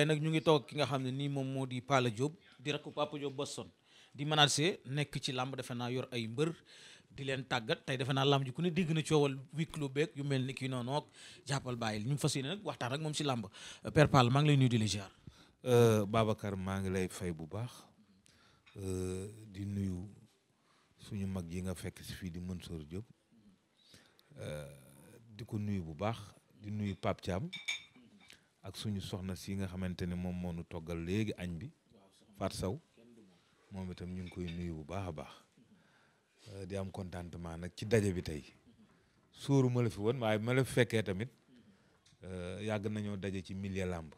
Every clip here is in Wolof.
tey nag ñu ngi toog ki nga xam ne nii moom moo di Palla Diop di rakku Papa Diop Boston di manager nekk ci làmb dafa naa yor ay mbër di leen tàggat tey defe naa làmb ji ku ne dégg na coowal huis clos beeg yu mel ni kii noonu ak jàppal bàyyil ñu fas yéene nag waxtaan ak moom si làmb Père Palla maa ngi lay nuyu di la ziar. Euh, Babacar maa ngi lay fay bu baax euh, di nuyu suñu mag yi nga fekk si fii di Mansour Diop euh, di ko nuyu bu baax di nuyu Pape Thiam. ak suñu soxna si nga xamante ne moom moo nu toggal léegi añ bi Fatou saw moom itam ñu ngi koy nuyu bu baax a baax euh, di am contentement nag ci daje bi tey sóoru ma la fi woon waaye ma fekkee tamit euh, yàgg nañoo daje ci milieu làmb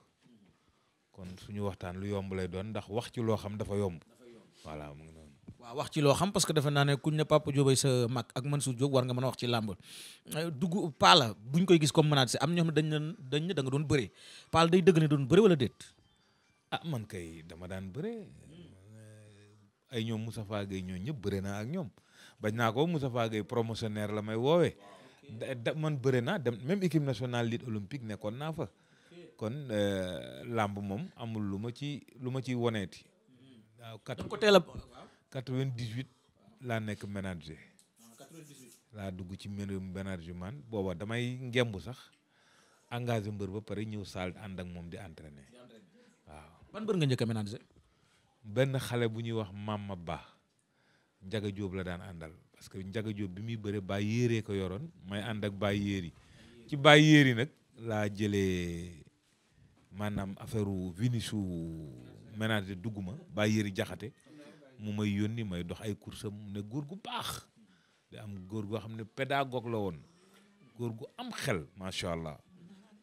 kon suñu waxtaan lu yomb lay doon ndax wax ci loo xam dafa yomb voilà mu ngi waaw wax ci loo xam parce que defe naa ne kuñ ne Papa Diop sa mag ak Mansour Diop war nga mën a wax ci làmb euh, dugg paala koy gis comme menace am ñoo dañ ne dañ ne da doon bëree paala day dëgg doon bëre wala déet. Ah, man kay dama daan bëre euh, ay ñoom Moustapha ñoo ñëpp bëre naa ak ñoom bañ naa ko Moustapha Gueye promotionnaire la may woowee da man bëre naa dem même équipe nationale lutte olympique nekkoon naa fa kon euh, làmb moom amul lu ma ci lu ma ciy woneeti. waaw kat ko teel 98 laa nekk ménager. laa dugg ci mbirum man booba damay ngembu sax engagé mbër ba pare ñëw saal ànd ak moom di entraîner waaw. ban mbër nga njëkk a ménager. benn xale bu ñuy wax Mama Ba Njaga Jóob la daan àndal parce que Njaga Jóob bi muy bëre Baay Yéeree ko yoroon may ànd ak Baay Yéeri ci Baay Yéeri nag laa jëlee maanaam affaire u vinisu ménager dugguma ma Baay Yéeri jaxate mu may yónni may dox ay course am ne góor gu baax di am góor goo xam ne pédagogue la woon góor gu am xel macha allah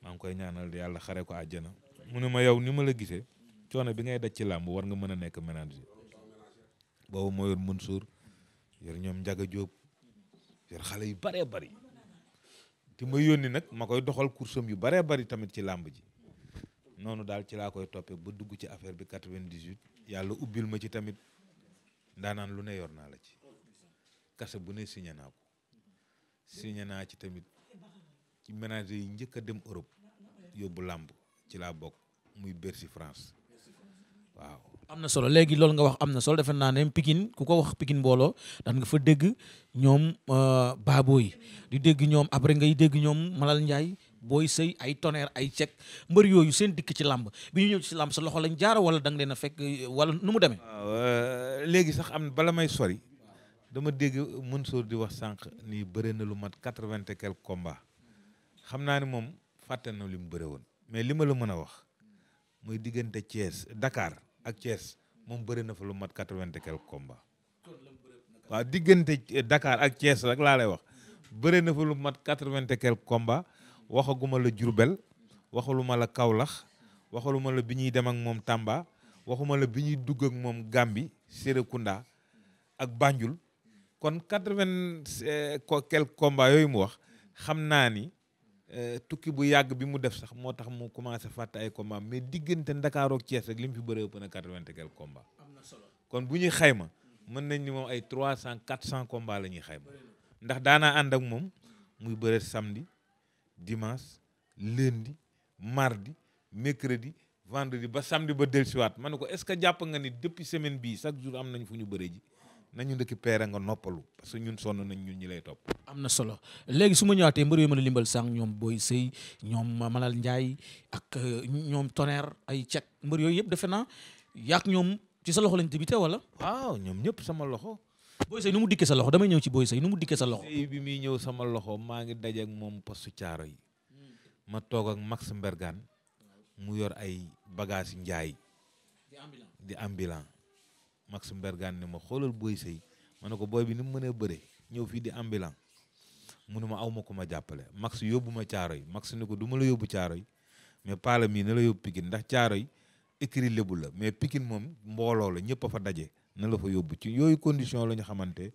maa ngi koy ñaanal yàlla xare ko àjjana mu ne ma yow ni ma la gisee coono bi ngay daj ci làmb war nga mën a nekk ménager boobu moo mën Mansour yor ñoom Njaga Jóob yor xale yu baree bari ti ma yónni nag ma koy doxal kursam yu baree bari tamit ci làmb ji noonu daal ci laa koy toppee ba dugg ci affaire bi 98 yàlla ubbil ma ci tamit ndaanaan lu ne yor naa la ci kase bu ne signé naa ko naa ci tamit ci ménager yi njëkk a dem Europe yóbbu làmb ci la bokk muy Bercy France waaw. am na solo léegi loolu nga wax am na solo defe naa ne Pikine ku ko wax Pikine mbooloo daan nga fa dégg ñoom euh, baaboo yi di dégg ñoom après ngay dégg ñoom Malal Ndiaye. booy sëy ay tonnerre ay cek mbër yooyu seen dikk ci làmb bi ñu ñëw ci làmb sa loxo lañ jaar wala da nga leen fekk wala nu mu demee. Euh, léegi sax am na bala may sori dama dégg mën Mansour di wax sànq ni bëre na lu mat quatre vingt et quelques xam naa ne moom fàtte na li mu bëre woon mais li ma la mën a wax muy diggante Thiès Dakar ak Thiès moom bëre na fa lu mat quatre vingt et waaw diggante dakaar ak Thiès rek laa lay wax bëre na fa lu mat quatre vingt et quelques waxaguma la Jurbel waxaluma la Kaolack waxaluma la bi ñuy dem ak moom Tamba waxuma la bi ñuy dugg moom Gàmbi Sérékunda ak bànjul kon quatre-vingt eh, quelques combats yooyu mu wax xam naa ni eh, tukki bu yàgg bi mu def sax moo tax mu commencé fàtte ay combats mais diggante Ndakaaru ak rek li mu fi bëree ëpp na quatre-vingt quelques combats kon bu ñuy xayma mën nañ ni moom ay trois cent quatre cent combats la ñuy xayma ndax daanaa ànd ak moom muy bëre samedi dimanche lundi mardi mercredi vendredi ba samedi ba dellusiwaat ma ne ko est-ce que jàpp nga ni depuis semaine bii chaque jour am nañ fu ñu bëree ji nañu ndëkki peere nga noppalu parce que ñun sonn nañ ñun ñi lay topp. am na solo léegi su ma ñëwaatee mbër yi mën a limbal sànq ñoom booy Sey ñoom Malal Ndiaye ak euh, ñoom Tonnerre ay cek mbër yooyu yëpp defe naa yaak ñoom ci sa loxo lañ débuté wala. waaw ñoom ñëpp sama loxo. Boy Seye nu mu dikkee sa loxo damay ñëw ci Boy Seye nu mu dikkee sa loxo. bi muy ñëw sama loxo maa ngi daje ak moom postu caaro yi hmm. ma toog ak Max Mbergane mu yor ay bagage njaay di ambulant Max Mbergane ni ma xoolal Boy Seye ma ne ko booy bi ni mu mënee bëre ñëw fii di ambulant mu ne ma aw ma ku ma jàppale Max yóbbu ma caaro yi Max ni ko duma la yóbbu caaro yi mais paala mii na la yóbbu Pikine ndax caaro yi écrit lébu la mais Pikine moom mbooloo la ñëpp a fa daje na la fa yóbbu ci yooyu condition la ñu xamante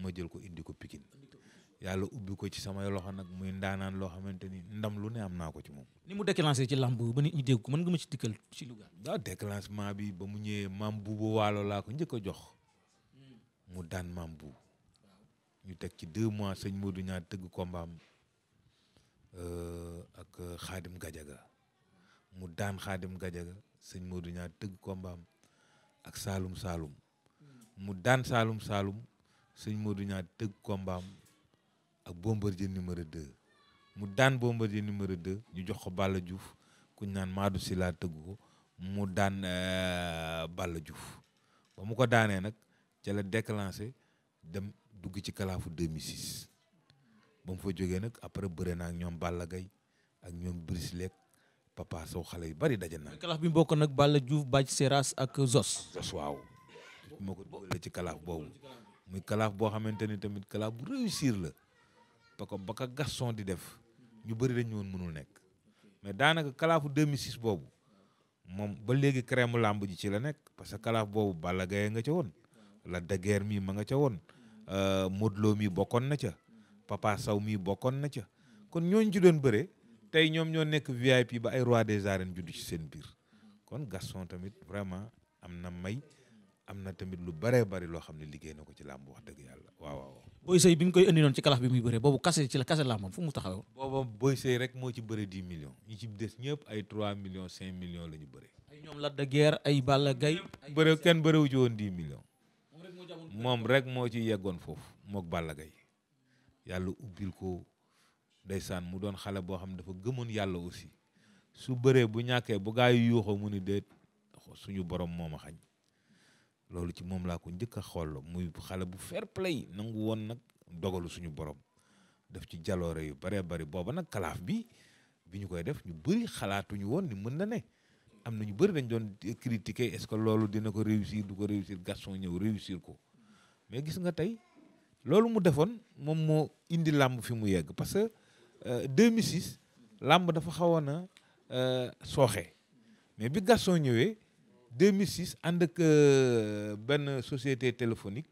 ma jël ko indi ko Pikine yàlla ubbi ko ci samay loxo nag muy ndaanaan loo xamante ni ndam lu ne am naa ko ci moom. ni mu déclenché ci làmb ba nit ñi dégg mën nga ma ci dikkal ci Louga. waaw déclenchement bi ba mu ñëwee maam buubu waalo laa ko njëkk a jox mu daan maam bu ñu teg ci deux mois sëñ Modou ñaar tëgg kombaam euh, ak xaadim euh, Gajaga mu daan xaadim Gajaga sëñ Modou ñaar tëgg kombaam ak Saalum Saalum. mu daan saalum saalum sëñ Modou Niang tëgg mbaam ak Bombardier numéro 2 mu daan Bombardier numéro 2 ñu jox ko Balla ku kuñ naan Madou Sila tëgg ko mu daan euh, Balla Diouf ba mu ko daanee nag ca la déclenché dem dugg ci kalaafu 2006 ba mu fa jógee nag après bëre naa ak ñoom Balla Gaye ak ñoom Brice Lek Papa Sow xale yu bari daje na. kalaaf bi mbokk nag Balla Diouf Bathie Seras ak Zos. puisque moo ko dugalee ci kalaaf boobu muy kalaaf boo xamante ni tamit kalaaf bu réussir la parce que ba ka Gaston di def ñu bëri dañ woon mënul nekk mais daanaka kalaafu 2006 boobu moom ba léegi crème làmb ji ci la nekk parce que kalaaf boobu Balla Gaye nga ca woon la daguère mii ma nga ca woon euh, Modou Lo mii bokkoon na ca Papa saw mii bokkoon na ca kon ñooñu ci doon bëre tey ñoom ñoo nekk VIP ba ay roi des arènes judd ci seen biir kon Gaston tamit vraiment am na may am na tamit lu bëree bari loo xam ne liggéey na ko ci làmb wax dëgg yàlla waaw waaw. Boy Seye bi nga koy andi noonu ci kalaf bi muy bëree boobu kase ci la kase làmbam fu mu taxawoon. booba Boy Seye rek moo ci bëri 10 millions ñi ci des ñëpp ay 3 millions 5 millions la ñu bëree. ay ñoom Lac de Guiers ay Balla Gaye. ay bëre kenn bërewu ci woon 10 millions. moom rek moo ci yeggoon foofu mook Balla Gaye yàlla ubbil ko ndeysaan mu doon xale boo xam ne dafa gëmoon yàlla aussi su bëree bu ñàkkee bu gaa yi yuuxoo mu ni déet suñu borom moo ma xañ loolu ci moom laa ko njëkk a xool muy xale bu fair play nangu woon nag dogalu suñu borom def ci jaloore yu bëree bëri booba nag kalaaf bi bi ñu koy def ñu bëri xalaatuñu woon ni mën na ne am na ñu bëri dañ doon critiquer est-ce que loolu dina ko réussir du ko réussir Gaston ñëw réussir ko mais gis nga tey loolu mu defoon moom moo indi làmb fi mu yegg parce que 2006 euh, làmb dafa xawoon a euh, sooxe mais bi Gaston ñëwee. 2006 ànd ak euh, benn société téléphonique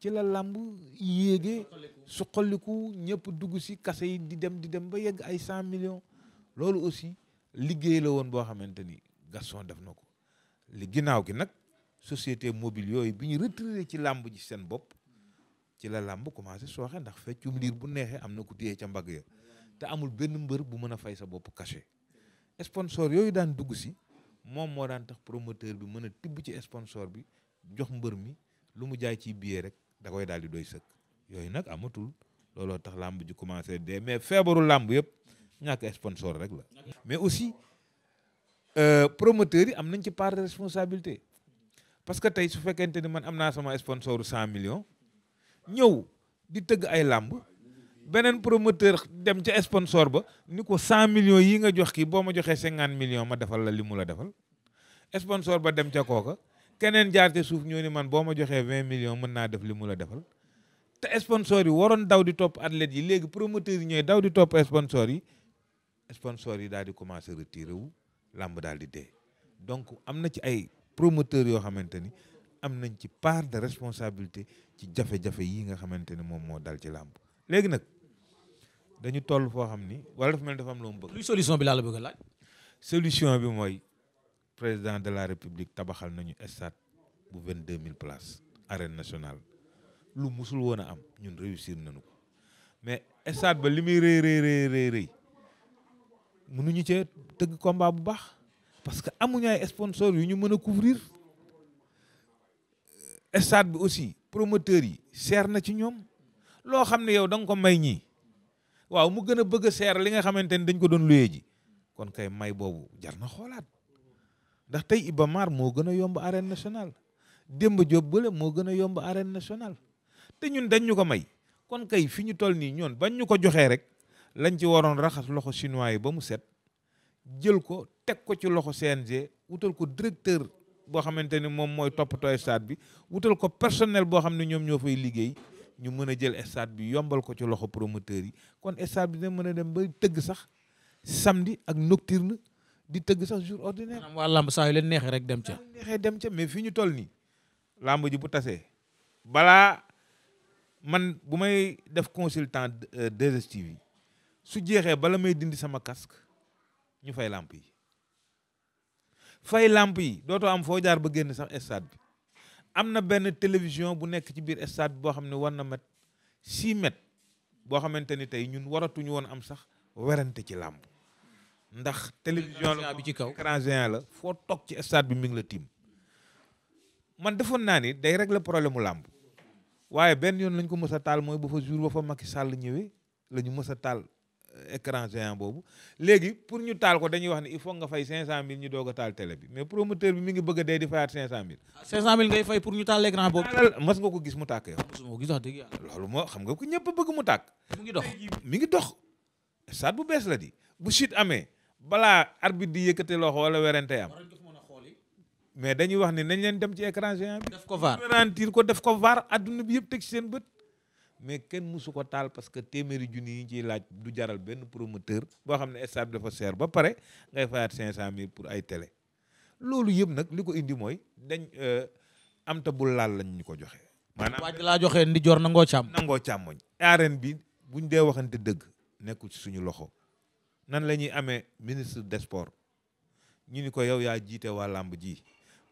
ci la làmb yéegee su xolliku ñëpp dugg si kase yi di dem di dem ba yegg ay cent millions loolu aussi liggéey la woon boo xamante ni gason def na ko li ginnaaw gi nag société mobile yooyu bi ñu retiré ci làmb ji seen bopp ci la làmb commencé sooxe ndax feccum liir bu neexee am na ku téye ca mbagg ya te amul benn mbër bu mën a fay sa bopp cachet sponsor yooyu daan dugg si moom moo daan tax promoteur bi mën a tibb ci sponsor bi jox mbër mi lu mu jaay ci billet rek da koy daal di doy sëkk yooyu nag amatul looloo tax làmb ji commencé dee mais feebaru làmb yëpp ñàkk sponsor rek la. mais aussi euh, promoteurs yi am nañ ci part de responsabilité parce que tey su fekkente ni man am naa sama sponsoru cent millions ñëw di tëgg ay làmb beneen promoteur dem ca sponsor ba ni ko cent millions yi nga jox kii boo ma joxee cinquante millions ma defal la li mu la defal sponsor ba dem ca kooka keneen jaar te suuf ñoo ni man boo ma joxee vingt million mën naa def li mu la defal te sponsor yi waroon daw di topp athlètes yi léegi promoteurs yi ñooy daw di topp sponsor yi sponsor yi daal di commencé retiré wu làmb daal di dee donc am na ci ay promoteurs yoo xamante ni am nañ ci part de responsabilité ci jafe-jafe yi nga xamante ni moom moo dal ci làmb léegi nag dañu toll foo xam ni wala dafa mel dafa am lu mu bëgg. luy solution bi laa la bëgg a solution bi mooy président de la république tabaxal nañu stade bu mille place arène nationale lu musul woon a am ñun réussir nañu mais stade ba li muy rëy rëy rëy rëy rëy mënuñu cee tëgg combat bu baax parce que amuñu ay sponsors yu ñu mën a couvrir stade bi aussi promoteurs yi seer na ci ñoom loo xam ne yow da nga ko may ñii. waaw mu gën a bëgg a seer li nga xamante ni dañ ko doon luyee ji kon kay may boobu jar na xoolaat ndax tey Iba Mar moo gën a yomb arène nationale Demba Diop bële moo gën a yomb arène nationale te ñun dañ ñu ko may kon kay fi ñu toll nii ñoon bañ ñu ko joxee rek lañ ci waroon raxas loxo chinois yi ba mu set jël ko teg ko ci loxo CNG wutal ko directeur boo xamante ni moom mooy toppatoo stade bi wutal ko personnel boo xam ne ñoom ñoo fay liggéey ñu mën a jël stade bi yombal ko ci loxo promoteur yi kon stade bi dina mën a dem ba tëgg sax samedi ak nocturne di tëgg sax jour ordinaire. am waa làmb saa yu leen neexee rek dem ca. neexee dem ca mais fi ñu toll nii làmb ji bu tasee balaa man bu may def consultant 2STV euh, yi su jeexee bala may dindi sama casque ñu fay làmp yi fay làmp yi dootoo am foo jaar ba génn sax estade bi. am na benn télévision bu nekk ci biir stade boo xam ne war na mat 6 mètres boo xamante ni tey ñun waratuñu woon am sax werante ci làmb ndax télévision la bi ci kaw écran géant la foo toog ci stade bi mi la tiim man defoon naa ni day la problème mu làmb waaye benn yoon lañ ko mës a taal mooy ba fa jour ba fa Macky Sall ñëwee la ñu mës a taal écran géant boobu léegi pour ñu taal ko dañuy wax ne il faut nga fay 500000 ñu doog a taal télé bi mais promoteur bi mi ngi bëgg a dee di fayaat 500000. 500000 ah, ngay fay pour ñu taal l'écran boobu. mas nga ko gis mu tàkk yow. mosuma ko moo xam nga ko ñëpp bëgg mu tàkk. mu ngi dox mi bu bees la di bu chute amee balaa arbitre di yëkkate loxo wala werante am. mais dañuy wax ne nañ dem ci écran géant bi. def ko vaar adduna mais kenn mësu ko taal parce que téeméeri junni yi ciy laaj du jaral benn promoteur boo xam ne stade dafa seer ba pare ngay fayaat 500000 pour ay télé loolu yëpp nag li ko indi mooy dañ euh, am ta bul laal lañ ñu ko joxe. maanaam waaj laa joxe ndi joor nangoo càmm. nangoo càmmoñ arène bi buñ dee waxante dëgg nekkul ci suñu loxo nan la ñuy amee ministre des sports ñu ni ko yow yaa jiite waa làmb ji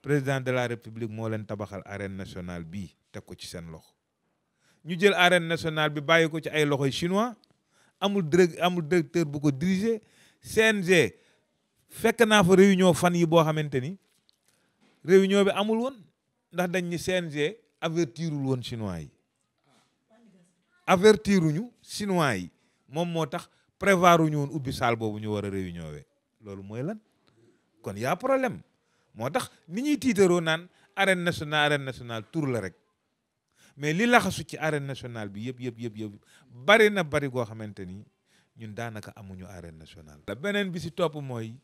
président de la république moo leen tabaxal arène nationale bii teg ko ci seen loxo. ñu jël arène national bi bàyyi ko ci ay loxoy chinois amul direct amul directeur bu ko diriger CNG fekk naa fa réunion fan yi boo xamante ni réunion bi amul woon ndax dañ ni CNG avertirul woon chinois yi ñu chinois yi moom moo tax ñu woon ubbi salle boobu ñu war a réunion we loolu mooy lan kon yaa problème moo tax ni ñuy tiitaroo naan arène national arène nationale tour la rek mais li laxasu ci arène national bi yëpp yëpp yëpp yëpp bari na bari goo xamante ni ñun daanaka amuñu arène national la beneen bi si topp mooy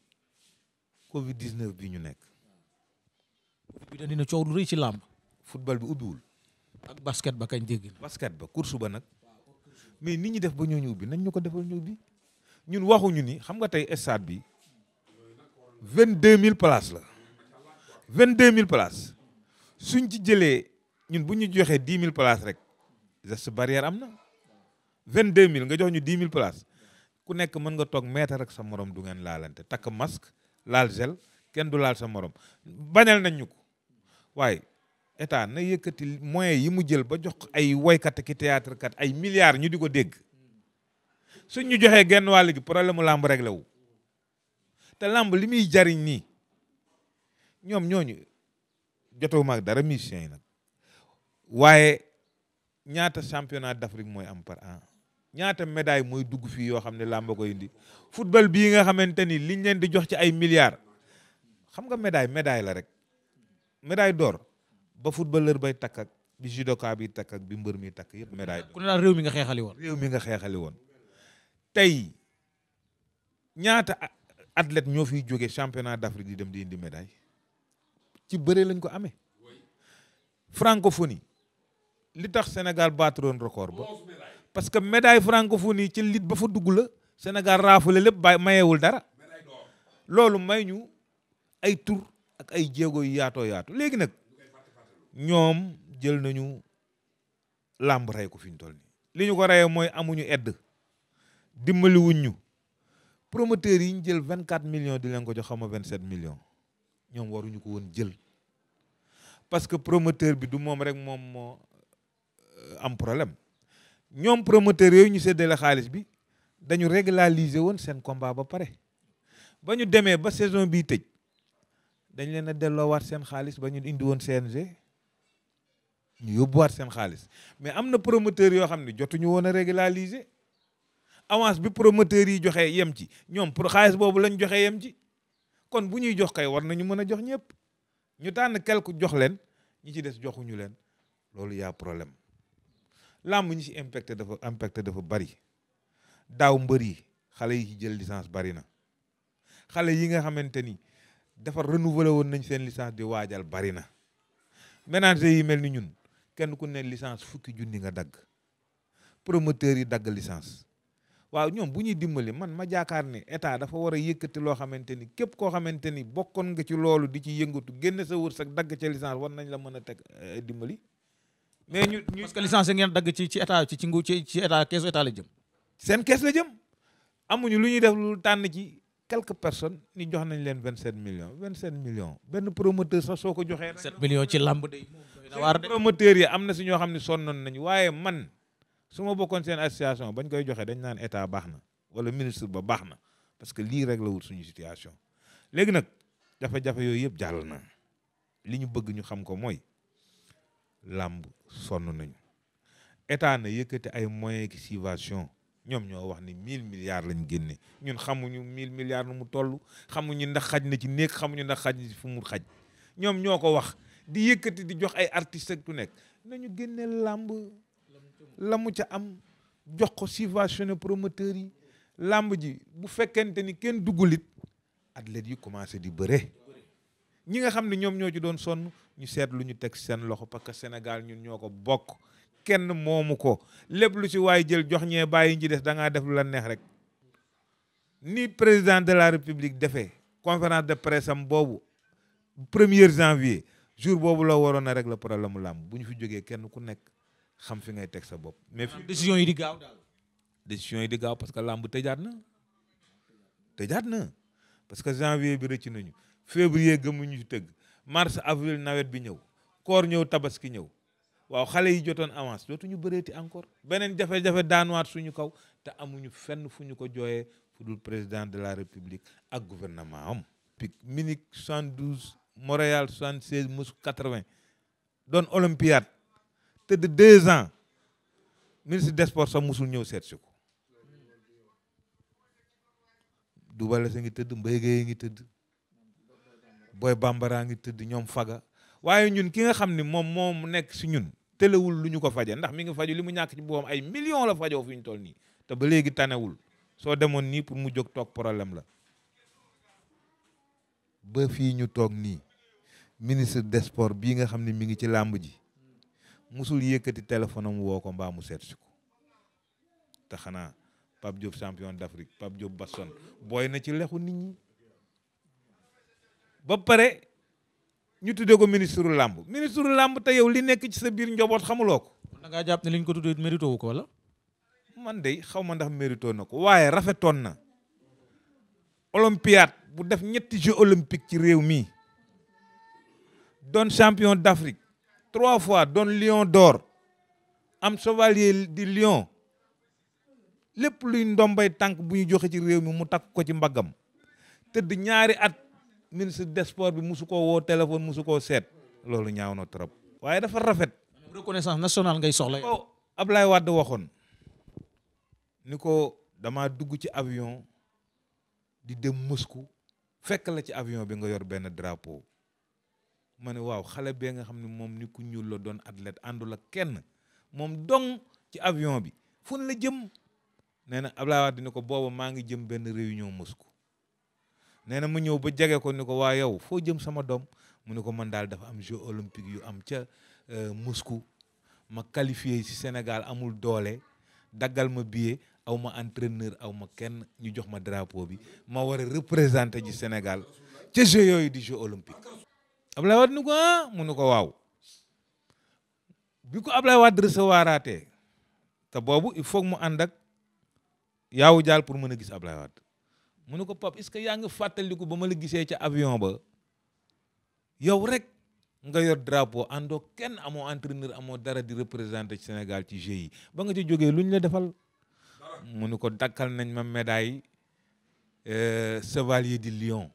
Covid 19 bi ñu nekk. bi dañu ne coow lu rëy ci làmb. football bi ubbiwul. ak basket ba kañ dégg. basket ba course ba nag. mais ni ñi def ba ñu ñooñu ubbi nañ ñu ko defal ñu ubbi ñun waxuñu ni xam nga tey stade bi vingt deux mille places la vingt deux mille places suñ ci jëlee ñun bu ñu joxee dix mille places rek geste barrière am na vingt deux mille nga jox ñu dix mille places ku nekk mën nga toog mètre rek sa morom du ngeen laalante takk masque laal gel kenn du laal sa morom bañal nañ ñu ko waaye état na yëkkati moyens yi mu jël ba jox ay woykat ki théâtre kat ay milliards ñu di ko dégg suñ ñu joxee genn wàll gi problème mu làmb réglé wu te làmb li muy jariñ nii ñoom ñooñu jotewuma ak dara musiciens yi nag waaye ñaata championnat d'Afrique mooy am par an ñaata médaille mooy dugg fii yoo xam ne làmba ko indi football bii nga xamante ni liñ leen di jox ci ay milliards xam nga médaille médaille la rek médaille door ba footballeur bay takk ak bi judoka bi takk bi mbër mi takk yëpp médaille d'or ku ne daal réew woon réew mi nga xeexali woon tey ñaata athlète ñoo fiy jóge championnat d'Afrique di dem di indi médaille ci bëre lañ ko amee francophonie li tax Sénégal baaturoon record ba parce que médaille francophonie ci lit ba fa dugg la Sénégal raafule lépp bay mayewul dara loolu may ñu ay tur ak ay jéego yu yaatoo yaatu léegi nag ñoom jël nañu làmb rey ko fi ñu toll nii li ñu ko reyee mooy amuñu edd dimbaliwuñ ñu promoteurs yi ñu jël vingt quatre million di leen ko jox xama vingt sept million ñoom waruñu ko woon jël parce que promoteur bi du moom rek moom moo Euh, am problème ñoom promoteur yooyu ñu séddale xaalis bi dañu régulariser woon seen combat ba pare ba ñu demee ba saison bii tëj dañ leen delloo waat seen xaalis ba ñu indi woon seen CNG ñu yóbbu waat seen xaalis mais am na promoteur yoo xam ne jotuñu woon a régulariser avance bi promoteur yi joxe yem ci ñoom pour xaalis boobu lañ joxe yem ci kon bu ñuy jox kay war nañu mën a jox ñëpp ñu tànn quelque jox leen ñi ci des joxuñu leen loolu yaa problème làmb ñi ci impacté dafa impacté dafa bari daaw mbër yi xale yi ci jël licence bari na xale yi nga xamante ni dafa renouvelé woon nañ seen licence di waajal bari na ménager yi mel ni ñun kenn ku ne licence fukki junni nga dagg promoteur yi dagg licence waaw ñoom bu ñuy dimbali man ma jaakaar ni état dafa war a yëkkati loo xamante ni képp koo xamante ni bokkoon nga ci loolu di ci yëngatu génn sa wërsëg dagg ca licence war nañ la mën a teg eh, dimbali mais ñu ñu parce que licence ngeen dagg ci ci état ci ci ngu ci ci keesu état la jëm. seen kees la jëm amuñu lu ñuy def lu tànn ci quelque personnes ni jox nañ leen vingt sept million vingt sept million benn promoteur sax soo ko joxee. sept millions ci làmb de. promoteur yi am na si ñoo xam ne sonnoon nañu waaye man su ma bokkoon seen association bañ koy joxee dañ naan état baax na wala ministre ba baax na parce que lii réglé wul suñu situation léegi nag jafe-jafe yooyu yëpp jàll na li ñu bëgg ñu xam ko mooy. làmb sonn nañu état na yëkkati ay moyens d'excavation ñoom ñoo wax ni mille milliards lañ génne ñun xamuñu mill milliards nu mu toll xamuñu ndax xaj na ci néeg xamuñu ndax xaj na ci fu xaj ñoom ñoo ko wax di yëkkati di jox ay artistes ak tu nekk nañu génne làmb la mu ca am jox ko subventionné promoteurs yi làmb ji bu fekkente ni kenn duggulit athlètes yi commencé di bëre ñi nga xam ne ñoom ñoo ci doon sonn ñu seet lu ñu teg seen loxo parce que Sénégal ñun ñoo ko bokk kenn moomu ko lépp lu si waay jël jox ñee bàyyi ñi des da ngaa def lu la neex rek ni président de la république defe conférence de presse am boobu premier janvier jour boobu la waroon a régler problème mu làmb bu ñu fi jógee kenn ku nekk xam fi ngay teg sa bopp. mais fi décision yi di gaaw décision yi di gaaw parce que làmb tëjaat na tëjaat na parce que janvier bi rëcc nañu. février gëmuñu ñu tëgg mars avril nawet bi ñëw koor ñëw tabaski ñëw waaw xale yi jotoon avance dootuñu bëreeti encore beneen jafe-jafe daanuwaat suñu kaw te amu ñu fenn fu ñu ko jooyee fu dul président de la république ak gouvernement am. pic Munich 72 Montréal 76 Moscou 80 doon olympiade te de ans ministre des sax musul ñëw seet si ko. Doubalese ngi tëdd Mbaye Guèye ngi tëdd. booy bambara ngi tëdd ñoom faga waaye ñun ki nga xam ni moom moom nekk si ñun tëlewul lu ñu ko faje ndax mi ngi faju li mu ñàkk ci boppam ay millions la fajoo fi ñu toll nii te ba léegi tanewul soo demoon nii pour mu jóg toog problème la ba fii ñu toog nii ministre des sports bii nga xam ne mi ngi ci làmb ji musul yëkkati téléphone mu woo ko mbaa mu seet si ko te xanaa Pape job champion d'Afrique Pape Diop Basson booy na ci lexu nit ñi ba pare ñu tuddee ko ministre làmb ministre làmb te yow li nekk ci sa biir njoboot xamuloo ko. da ngaa jàpp ne li ñu ko tuddee ko wala. man de xaw ma ndax mérito na ko waaye rafetoon na olympiade bu def ñetti jeux olympiques ci réew mi doon champion d'Afrique trois fois doon lion d'or am chevalier di lion lépp luy ndombay tànk bu ñu joxe ci réew mi mu takk ko ci mbaggam tëdd ñaari at ministre des sports bi musu koo woo téléphone musu koo seet loolu ñaaw na trop. waaye dafa rafet. reconnaissance nationale ngay soxla. ko Ablaye Wade waxoon ni ko damaa dugg ci avion di dem Moscou fekk la ci avion bi nga yor benn drapeau ma ne waaw xale bee nga xam ne moom ni ku ñuul la doon athlète àndul ak kenn moom dong ci avion bi fu la jëm nee na Ablaye Wade ni ko booba maa ngi jëm benn réunion Moscou nee na mu ñëw ba jege ko ni ko waa yow foo jëm sama doom mu ni ko man daal dafa am jeux olympiques yu am ca euh, Moscou ma qualifié si Sénégal amul doole daggal ma billet aw ma entraîneur aw ma kenn ñu jox ma drapeau bi ma war a représenter ji Sénégal ca jeux yooyu di jeux olympiques Ablaye Wade ni ko ah mu ni ko waaw bi ko Ablaye Wade recevoir aatee te boobu il faut mu ànd ak yaawu jaal pour mën a gis Ablaye Wade mu ne ko pap est-ce que yaa ngi fàttaliku ba ma la gisee ca avion ba yow rek nga yor drapeau àndoo kenn amoo entraîneur amoo dara di représenter ci Sénégal ci jeux ba nga ci jógee lu ñu la defal mu ne ko dakkal nañ ma médaille euh, chevalier di lion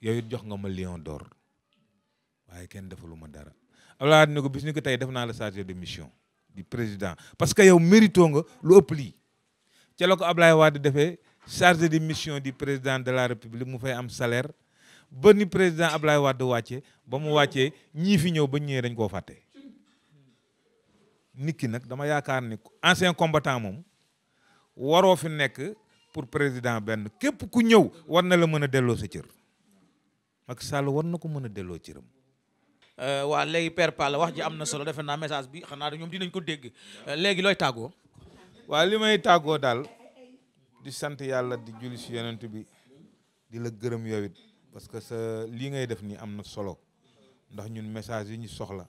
yooyu jox nga ma lion d'or waaye kenn defalu ma dara Abdoulaye ne ko bis ni ko tey def naa la chargé de mission di président parce que yow mérito nga lu ëpp lii ca la ko Abdoulaye Wade defee chargé de mission di président de la république mu fay am salaire ba ni président Ablaye Wade wàcce ba mu wàccee ñii fi ñëw ba ñëwee dañ koo fàtte. nit ki nag dama yaakaar ni ancien combattant moom waroo fi nekk pour président benn képp ku ñëw war na la mën a delloo sa cër Macky Sall war na ko mën a delloo cëram. Euh, waa léegi per Palla wax ji am na solo defe naa message bi xanaa ñoom dinañ ko dégg euh, léegi looy tàggoo. waa li tàggoo daal. di sant yàlla di julli si yonent bi di la gërëm yow parce que sa lii ngay def nii am na solo ndax ñun message yi ñu soxla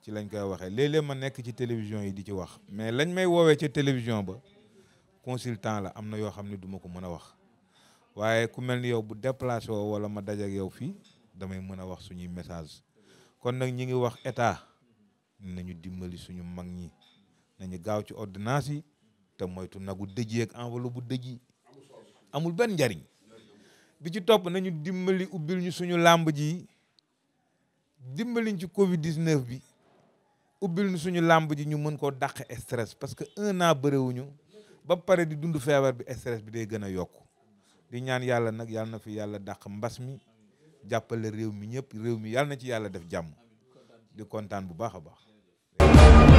ci lañ koy waxee léeg ma nekk ci télévision yi di ci wax mais lañ may woowee ca télévision ba consultant la am na yoo xam ne duma ko mën a wax waaye ku mel ni yow bu déplacé woo wala ma daje ak yow fii damay mën a wax suñuy message kon nag ñi ngi wax état nañu dimbali suñu mag ñi nañu gaaw ci ordonnance yi te moytu nagu dëji ak enveloppe bu dëji amul benn njariñ bi ci topp nañu dimbali ubbil ñu suñu làmb ji dimbaliñ ci Covid 19 bi ubbil ñu suñu làmb ji ñu mën koo dàq stress parce que un an bëriwuñu ba pare di dund feebar bi stress bi day gën a yokku di ñaan yàlla nag yàlla na fi yàlla dàq mbas mi jàppale réew mi ñëpp réew mi yàlla na ci yàlla def jàmm di kontaan bu baax a baax.